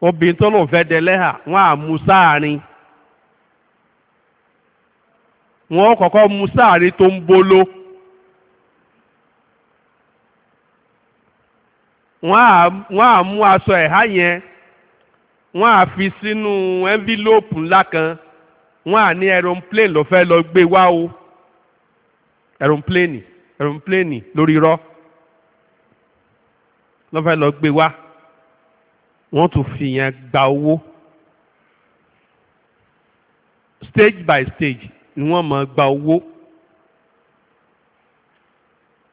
obìnrin tó lòun fẹ́ dẹlẹ́hà wọ́n á mú sáàrin wọ́n kọ́kọ́ mú sáàrin tó ń bolo wọ́n á mú aṣọ ẹ̀há yẹn wọ́n á fi sínú ẹ́ńfílóòpù ńlá kan wọ́n á ní aeroplane ló fẹ́ lọ gbé wá o aeroplane aeroplane lórí irọ́ ló fẹ́ lọ gbé wá. wọ́n tún fi yẹn gba owó stage by stage ni wọ́n máa gba owó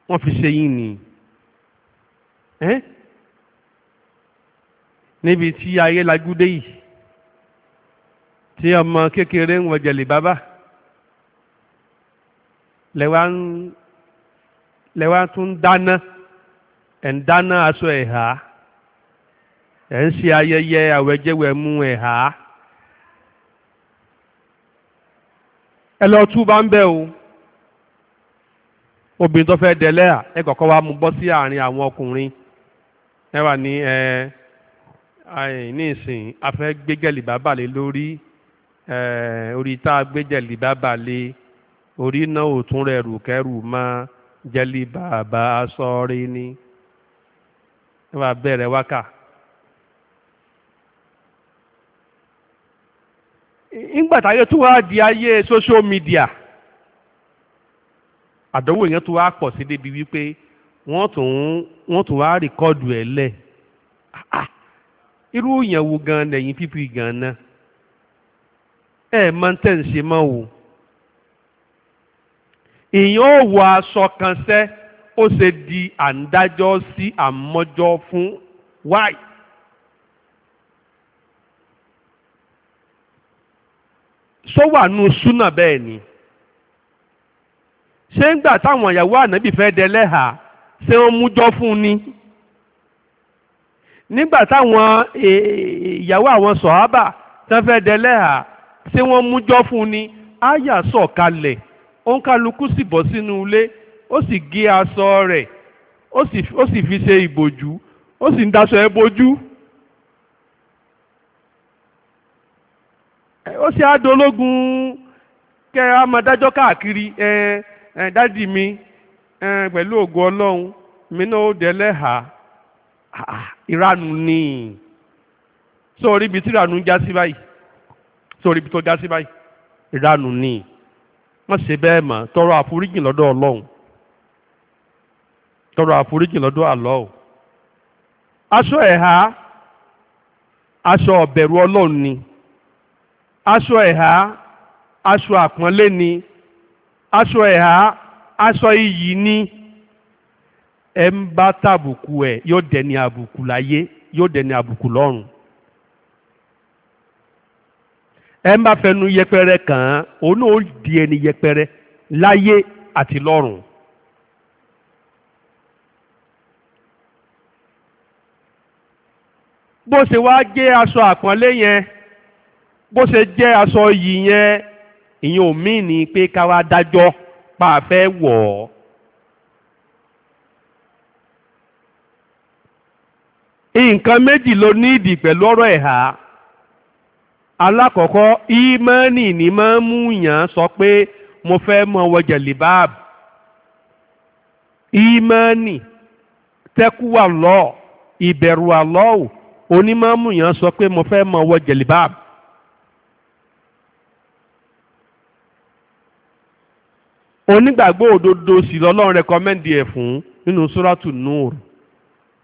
wọ́n fi ṣe yín ni ẹ́ níbi tí ayé lagúdé yìí tí ọmọ kékeré ń wọ̀jẹ̀lì bàbá lẹ́wà ń lẹ́wà tún dáná ẹ̀ ń dáná aṣọ ẹ̀ hà á. E ń ṣe ayẹyẹ àwẹ̀jẹwẹ̀mú ẹ̀há ẹ lọ tú bá ń o obìnrin tó fẹ́ dẹlẹ́à ẹ kọ̀ọ̀kan wá si bọ́ sí àárín àwọn ọkùnrin ẹ wà ẹ ní ìsìn afẹ gbégẹ̀lì bàbà lé lórí orí tá a gbégẹ̀lì bàbà lé orí náà ò tún ìgbàtàyé tó wá di ayé social media àdánwò yẹn tó wá pọ̀ sí débi wípé wọ́n tún wọ́n tún wá rìkọ́dù ẹ̀ lẹ̀ ah, ah, irú yẹn wo gan lẹ́yìn pípì gan náà ẹ̀ máa ń tẹ̀ ń ṣe mọ́ o èèyàn ò wọ aṣọ kan sẹ́ ó ṣe di à ń dájọ́ sí àmọ́jọ́ fún wáyé. sọ wà nù súnà bẹ́ẹ̀ ni ṣé ń gbà táwọn ìyàwó ànábì fẹ́ dẹlẹ́hà ṣé wọ́n mújọ́ ni nígbà táwọn e, ìyàwó àwọn sọ̀hábà fẹ́ ṣé wọ́n mújọ́ fún ni áyà sọ̀ kalẹ̀ ó ń kálukú sì bọ́ sínú ilé ó sì gé aṣọ rẹ̀ ó sì fi ṣe ìbòjú ó sì ń daṣọ ẹ ó si àdólógún kẹ ẹ máa dájọ́ káàkiri ẹ ẹ dádì mi ẹ pẹ̀lú ògo ọlọ́run mi náà ó dẹ́lẹ̀ hà ni sórí ibi tí já sí báyìí sórí ibi tó já sí báyìí ni má ṣe bẹ́ẹ̀ mọ́ tọrọ àforíjì lọ́dọ̀ ọlọrun tọrọ àforíjì lọ́dọ̀ àlọ́ o aṣọ aṣọ ọ̀bẹ̀rù ni. aṣọ ẹ̀há aṣọ àpọ́nlé ni aṣọ ẹ̀há aṣọ iyì ni ẹ ń bá tàbùkù ẹ̀ yóò dẹni àbùkù láyé yóò dẹni àbùkù lọ́run ẹ ń bá fẹnu yẹpẹrẹ kàn án òun náà di ẹni yẹpẹrẹ láyé àti lọ́run. bó ṣe wá gé aṣọ àpọ́nlé yẹn bó ṣe jẹ́ aṣọ yìí yẹn ìyẹn ò pé ká wá dájọ́ pa àfẹ́ wọ̀ ọ́. nǹkan méjì ló ní ìdì pẹ̀lú ọ̀rọ̀ ẹ̀há alákọ̀ọ́kọ́ ìmọ̀ọ́nì ni máa ń mú yàn sọ pé mo fẹ́ mọ wọ jẹ̀lìbáàbù ìmọ̀ọ́nì lọ onímọ̀ọ́mù yàn sọ pé mo fẹ́ mọ onígbàgbọ́ òdodo sì lọ́lọ́run rẹkọmẹ́ndì ẹ̀ fún nínú sóràtù nur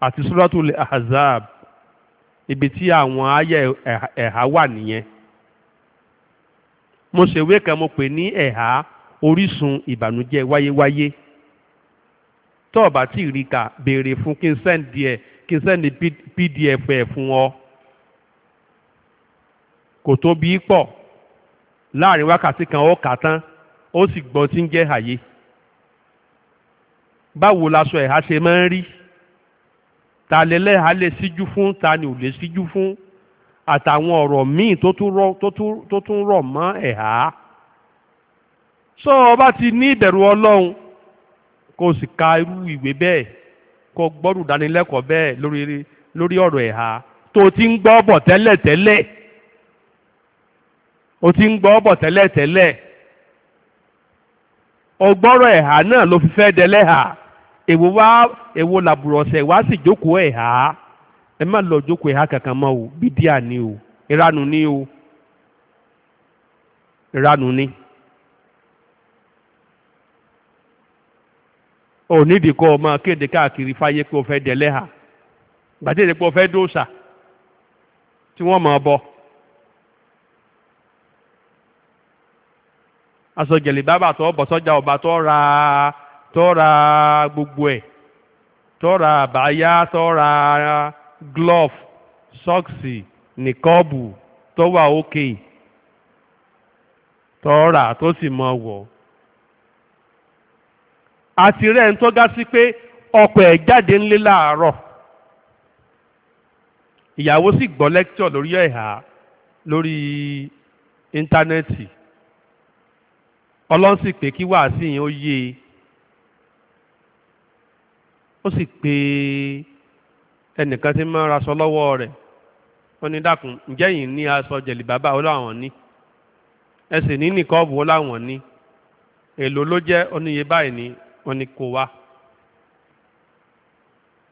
àti sóràtù ahzab ibi tí àwọn ayé ẹ̀há wà nìyẹn mo ṣèwé kan mo pè ní ẹ̀há orísun ìbànújẹ́ wáyéwáyé tó o bá tí ì rí kà béèrè fún kí n sẹ́ǹdì ẹ̀ kí n sẹ́ǹdì pdf ẹ̀ fún ọ kò tóbi pọ̀ láàrin wákàtí kan ó kà tán ó sì gbọ́ tí ń jẹ́ àyè báwo laṣọ ẹ̀há ṣe máa ń rí ta lẹ́lẹ́hà lè síjú fún ta ni ò lè síjú fún àtàwọn ọ̀rọ̀ míì tó tún rọ̀ mọ́ ẹ̀há sọ ọba ti ní ìbẹ̀rù ọlọ́run kó o sì ka irú ìwé bẹ́ẹ̀ kó o gbọ́dọ̀ dánilẹ́kọ̀ọ́ bẹ́ẹ̀ lórí lórí ọ̀rọ̀ ẹ̀há tó o ti ń gbọ́ bọ̀ tẹ́lẹ̀ tẹ́lẹ̀ o ti ń gbọ́ bọ̀ tẹ́lẹ̀ tẹ́lẹ̀. ọgbọ́rọ̀ ẹ̀hà náà ló fi fẹ́ dẹlẹ́hà èwo wá sì jókòó ẹ má lọ jókòó ẹ̀hà kankan mọ́ o o ìranù ni o ìranù ni. ò nídìí kọ́ ọ kéde káàkiri fáyé pé o fẹ́ aṣọ gẹ̀lì bábà tó bọ̀ ọba tó ra tó ra gbogbo ẹ̀ tó ra àbáyá tó ra glove sọ́ọ̀sì nìkọ́ọ̀bù tó wà ókè tó rà tó sì mọ wọ̀ àti rẹ̀ ń tó sí pé ọkọ̀ ẹ̀ jáde ńlé láàárọ̀ ìyàwó sì gbọ́ lẹ́kítọ̀ lórí ẹ̀hà lórí íńtánẹ́ẹ̀tì ọlọ́run sì pé kí wàásì yẹn ó yé e ó sì pé ẹnìkan ti máa ń raṣọ lọ́wọ́ rẹ̀ ó ní dákun ǹjẹ́ yìí ní aṣọ jẹ̀lì bàbá ó láwọn ní ẹ sì ní nìkọ́ọ̀bù ó láwọn ní èlò ló jẹ́ oníye báyìí ni wọ́n ní kó wá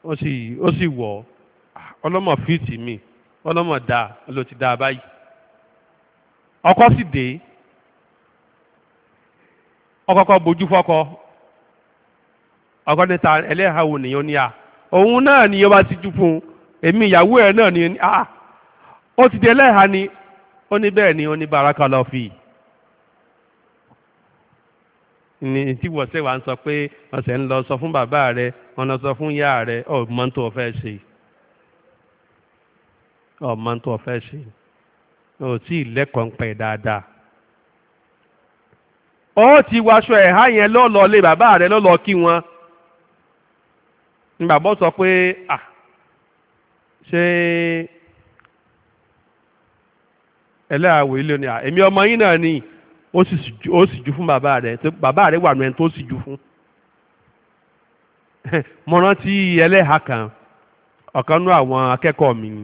ó sì ó sì wọ̀ ah, ọlọ́mọ fíìtì mi ọlọ́mọ dáa ló ti dáa báyìí ọkọ sì dé. ọkọ̀kọ̀ bójú fọ́kọ ọkọ ní ta ẹlẹ́hàwò nìyẹn ní a òun náà ni ọba ti jú fún un èmi ìyàwó ẹ̀ náà ni a ó ti di ẹlẹ́hà ni ó ní bẹ́ẹ̀ ni ó ní baraka lọ fi ní tí wọ́n ṣe wá ń sọ pé wọ́n ṣe ń lọ sọ fún bàbá rẹ̀ wọ́n lọ sọ fún ìyá rẹ̀ ọ̀ mọ́ tó o fẹ́ ṣe ọ̀ mọ́ tó o fẹ́ ṣe ò tí ì lẹ́kọ̀ọ́ ń pẹ́ dáadáa. ọ ti waṣọ ẹ̀há yẹn lọ́lọ́ lé bàbá rẹ lọ́lọ́ kí wọn ni bàbá sọ pé à ṣé ẹlẹ́àwọ̀ ilé ni à èmi ọmọ yín náà ni ó sì jù fún bàbá rẹ bàbá rẹ wà nù ẹni tó sì jù fún mo rántí ẹlẹ́hà kan ọ̀kan nú àwọn akẹ́kọ̀ọ́ mi ni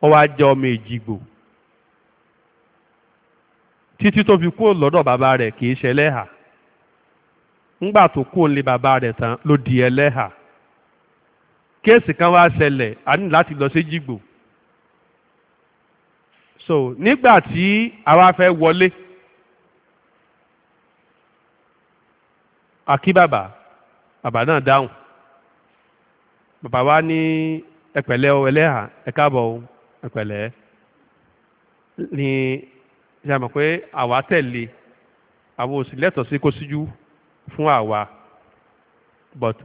wọ́n wá jẹ́ ọmọ èjìgbò. títí tó fi kúrò lọ́dọ̀ bàbá rẹ̀ kì í ṣe ẹlẹ́hà ńgbà tó kúrò ní bàbá rẹ̀ tán ló di ẹlẹ́hà kéèsì kan wá ṣẹlẹ̀ a ní láti lọ sí jìgbò so nígbà tí àwa fẹ́ wọlé àkí bàbá bàbá náà dáhùn bàbá wa ní ẹ̀pẹ̀lẹ́ ẹlẹ́hà ẹ̀káàbọ̀ ẹ̀pẹ̀lẹ́ ni ṣe àmọ̀ pé àwa tẹ̀lé àwọn òsì lẹ́tọ̀ọ́ sí kó síjú fún àwa but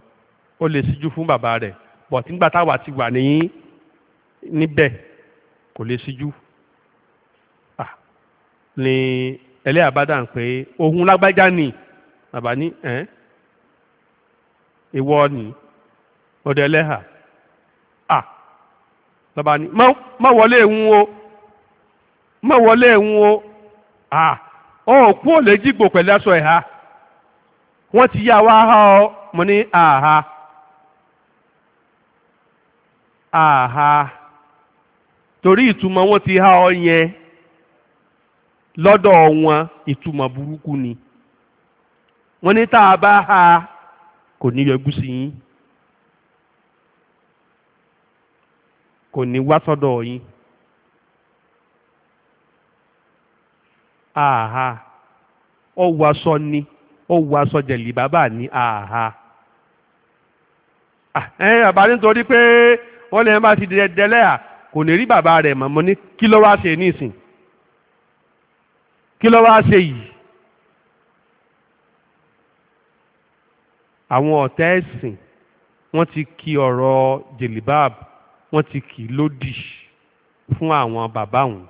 ó lè síjú fún bàbá rẹ̀ but nígbà táwa ti wà ní níbẹ̀ kò lè síjú ni ẹlẹ́yà bá dàn pé ohun lágbájá ni bàbá ní ẹ́ ìwọ ni ọdẹ ẹlẹ́hà à bàbá ní má wọlé ẹ̀hún o má wọlé ẹ̀hún o à ọ kú ò lè jígbò pẹ̀lú aṣọ ẹ̀ha wọ́n ti yá wa ha ọ mo ní àhá àhá torí ìtumọ̀ wọn ti há ọ yẹn lọ́dọ̀ wọn ìtumọ̀ burúkú ni wọ́n ní tá a bá ha kò ní yọjú sí yín kò ní wá sọ́dọ̀ yín. àhà ọwọ́ aṣọ ni ọwọ́ aṣọ jẹ̀lì bàbá ni àhà. Ah, ẹ bàbá nítorí pé wọ́n lè má ti dẹ́lẹ́à kò ní rí bàbá rẹ̀ mọ̀mọ́ ní kí ló wá ṣe nísìn kí ló wá ṣe yìí. àwọn ọ̀tá ẹ̀sìn wọ́n ti kì ọ̀rọ̀ jèlìbáàbù wọ́n ti kì í lódì fún àwọn bàbá òun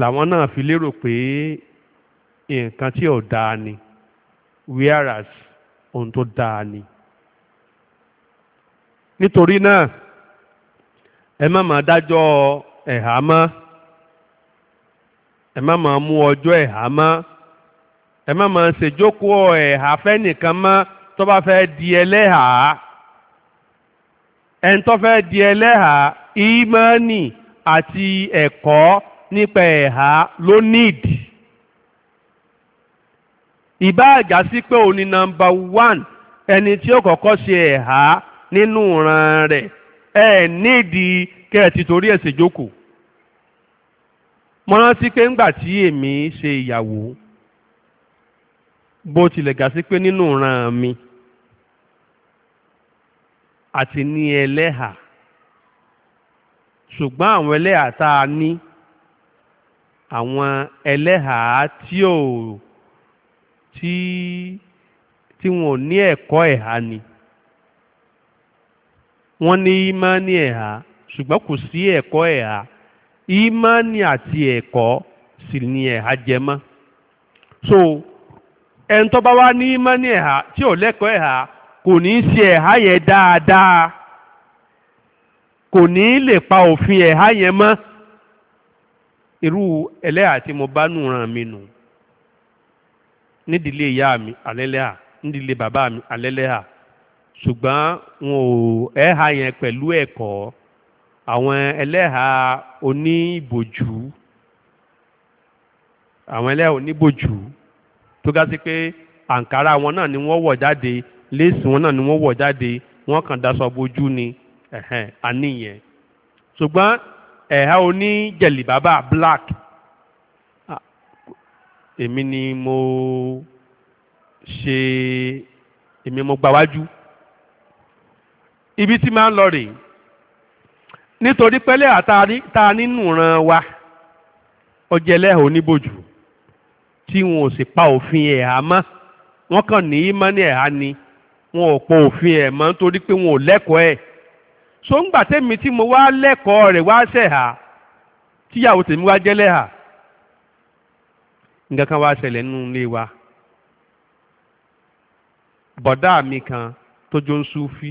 làwọn náà fi lérò pé nǹkan tí ò dáa ni whereas ohun tó dáa ni nítorí náà ẹ má máa dájọ́ ẹ̀há mọ́ ẹ má máa mú ọjọ́ ẹ̀há mọ́ ẹ má máa ṣèjókòó ẹ̀há fẹ́nìkan mọ́ tó bá fẹ́ di ẹlẹ́hà ẹni tó fẹ́ di ẹlẹ́hà ìmánì àti ẹ̀kọ́ nípa ẹ̀há ló níìdì ìbá àjà sí pé òun ni nọmba one ẹni tí ó kọ́kọ́ ṣe ẹ̀há nínú ìran rẹ̀ ẹ̀ níìdì kẹ́ ẹ̀ ti torí ẹ̀ ṣèjókòó mo rántí pé ńgbà tí èmi ṣe ìyàwó bó tilẹ̀ gà sí pé nínú ìran mi àti ní ẹlẹ́hà ṣùgbọ́n àwọn ẹlẹ́hà tá a ní. àwọn ẹlẹ́hàá tí ò tí tí wọn ò ní ẹ̀kọ́ ẹ̀há ni wọ́n ní ìmánì ẹ̀há ṣùgbọ́n kò sí ẹ̀kọ́ ẹ̀há ìmánì àti ẹ̀kọ́ sì ni ẹ̀há jẹ mọ́ so ẹni tó bá wá ní ìmánì ẹ̀há tí ò lẹ́kọ̀ọ́ ẹ̀há kò ní í ṣe ẹ̀há yẹn dáadáa kò pa òfin ẹ̀há yẹn mọ́. irú ẹlẹ́yà tí mo bá nù ràn mí nù nídìílé ìyá mi alẹ́lẹ́yà nídìílé bàbá mi alẹ́lẹ́yà ṣùgbọ́n wọn ò ẹ̀ha yẹn pẹ̀lú ẹ̀kọ́ àwọn ẹlẹ́ha oníbòjú àwọn ẹlẹ́ha oníbòjú tó ga sí pé àǹkárá wọn náà ni wọ́n wọ̀ jáde léèsì wọn náà ni wọ́n wọ̀ jáde wọ́n kàn daṣọ bojú ni àníyẹn ṣùgbọ́n ẹ̀há oní jẹ̀lìbábà black ah. èmi ni mo ṣe èmi mo gbáwájú ibi tí máa ń lọ rèé nítorí pẹ́lẹ́ àtàrí tá a nínú ran wa ọjẹ́ lẹ́hìn oníbòjú tí wọn ò sì pa òfin ẹ̀há mọ́ wọ́n kàn ní í mọ́ ní ẹ̀há ni wọn ò pa òfin ẹ̀ mọ́ nítorí pé wọn ò lẹ́kọ̀ọ́ ẹ̀ so ń gbà tẹ́mi tí mo wá lẹ́kọ̀ọ́ rẹ̀ wá ṣẹ̀hà tíyàwó tèmi wá jẹ́ lẹ́hà nǹkan kan wá ṣẹlẹ̀ nínú ilé wa bọ̀dá mi kan tó jó ń súfí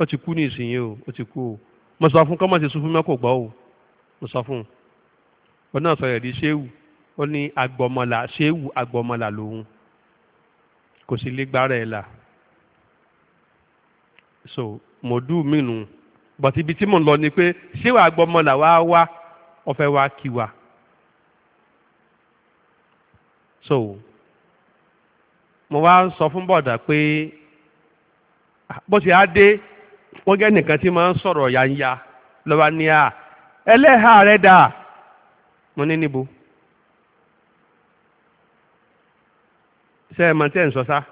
ó ti kú ní ìsinyìí o ó ti kú o mo sọ fún kọ́mọ̀tì súfí mọ́ gbọ́ o mo sọ fún un ó náà sọ yẹ̀dí ṣéwù ó ní agbọmọlà ṣéwù agbọmọlà lòun kò sí lè gbára ẹ̀ là. so mọ̀dú do minu but ibi tí mò ń lọ ni pé ṣé wàá gbọ́mọ là wá wá ọ̀fẹ́ wá kí wa so mo wá sọ fún bọ̀dà pé bó ti á dé wọ́n gẹ́ nìkan tí máa ń sọ̀rọ̀ yanya lọ́wọ́ ní à ẹlẹ́hà rẹ̀ dà mo ní níbo ṣé ẹ mọ̀ ń sọ sáà.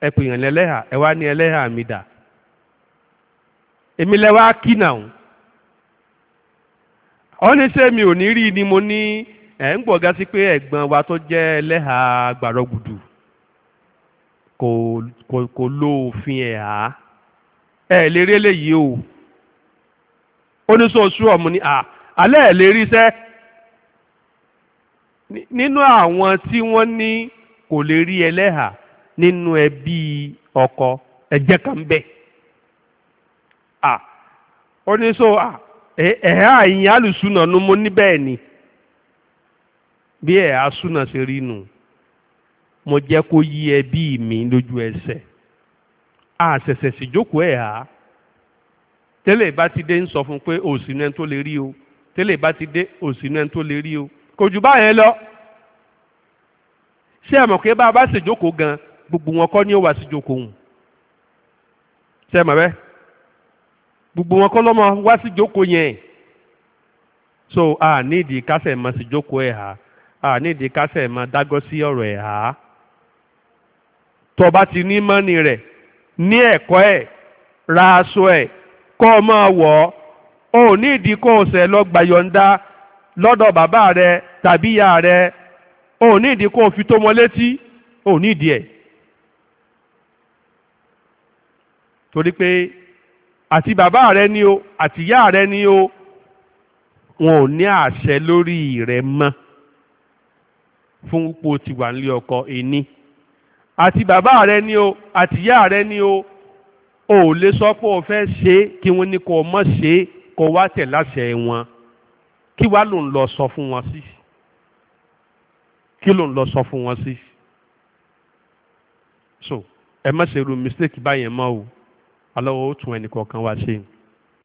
ẹ pè yàn lẹ́lẹ́hà ẹ wá ní ẹlẹ́hà mi dà èmi lẹ́wà kí nà ó ọ́níṣẹ́ mi ò ní rí ni mo ní ẹ̀ ń gbọ̀gá sí pé ẹ̀gbọ́n wa tó jẹ́ ẹlẹ́hà gbàrọ́gùdù kò kò kò lo òfin ẹ̀ há ẹ̀ léré léyìí o oníṣòṣù ọ̀mù ni a alẹ́ lérí iṣẹ́ nínú àwọn tí wọn ní kò lè rí ẹlẹ́hà nínú ẹbí ọkọ ẹ̀jẹ̀ kan bẹ à ó ní so à ẹ̀hà àyìn alùsùnà ni mo ní bẹ́ẹ̀ ni bí ẹ̀hà súnà ṣe rí nù mo jẹ́ kó yí ẹbí mi lójú ẹsẹ̀ àṣẹ̀ṣẹ̀ síjókòó ẹ̀hà tẹ́lẹ̀ bá ti dé ń sọ fún pé òsínú ẹni tó lè rí o tẹ́lẹ̀ bá ti dé òsínú ẹni tó lè rí o kò jù báyẹn lọ ṣé ẹ mọ̀ pé bá a bá ṣèjókòó gan-an gbogbo wọn kọ́ ni ó wá sí ìjókòó òun ṣe mọ̀ bẹ́ẹ̀ gbogbo wọn kọ́ lọ́mọ wá sí ìjókòó yẹn so a ah, nídìí kásẹ̀ mọ́ sí ìjókòó ẹ̀ ha a nídìí kásẹ̀ mọ́ dágọ́ sí ọ̀rọ̀ ẹ̀ ha tó bá ti ní mọ́ni rẹ̀ ní ẹ̀kọ́ ẹ̀ ra aṣọ ẹ̀ kọ́ ọ máa wọ̀ ọ́ ò nídìí kó o ṣẹ̀ lọ gbàyọ̀ǹda lọ́dọ̀ bàbá rẹ tàbí ìyá rẹ ò nídìí kó o fi tó mọ létí ò nídìí ẹ̀. torí pé àti bàbá rẹ ni o àti ìyá rẹ ni o wọn ò ní àṣẹ lórí rẹ mọ́ fún pò tiwa nílé ọkọ ẹni àti bàbá rẹ ni o àti ìyá rẹ ni o o ò lè sọ pé o fẹ́ ṣe é kí wọ́n ní kó o mọ̀ ṣe é kó o wá tẹ̀ láṣẹ wọn kí wàá ló ń lọ sọ fún wọn sí kí ló ń lọ sọ fún wọn sí so ẹ má ṣe ru mistake báyẹn mọ́ o aláwọ̀ ó tún ẹnì kọ̀ọ̀kan ṣe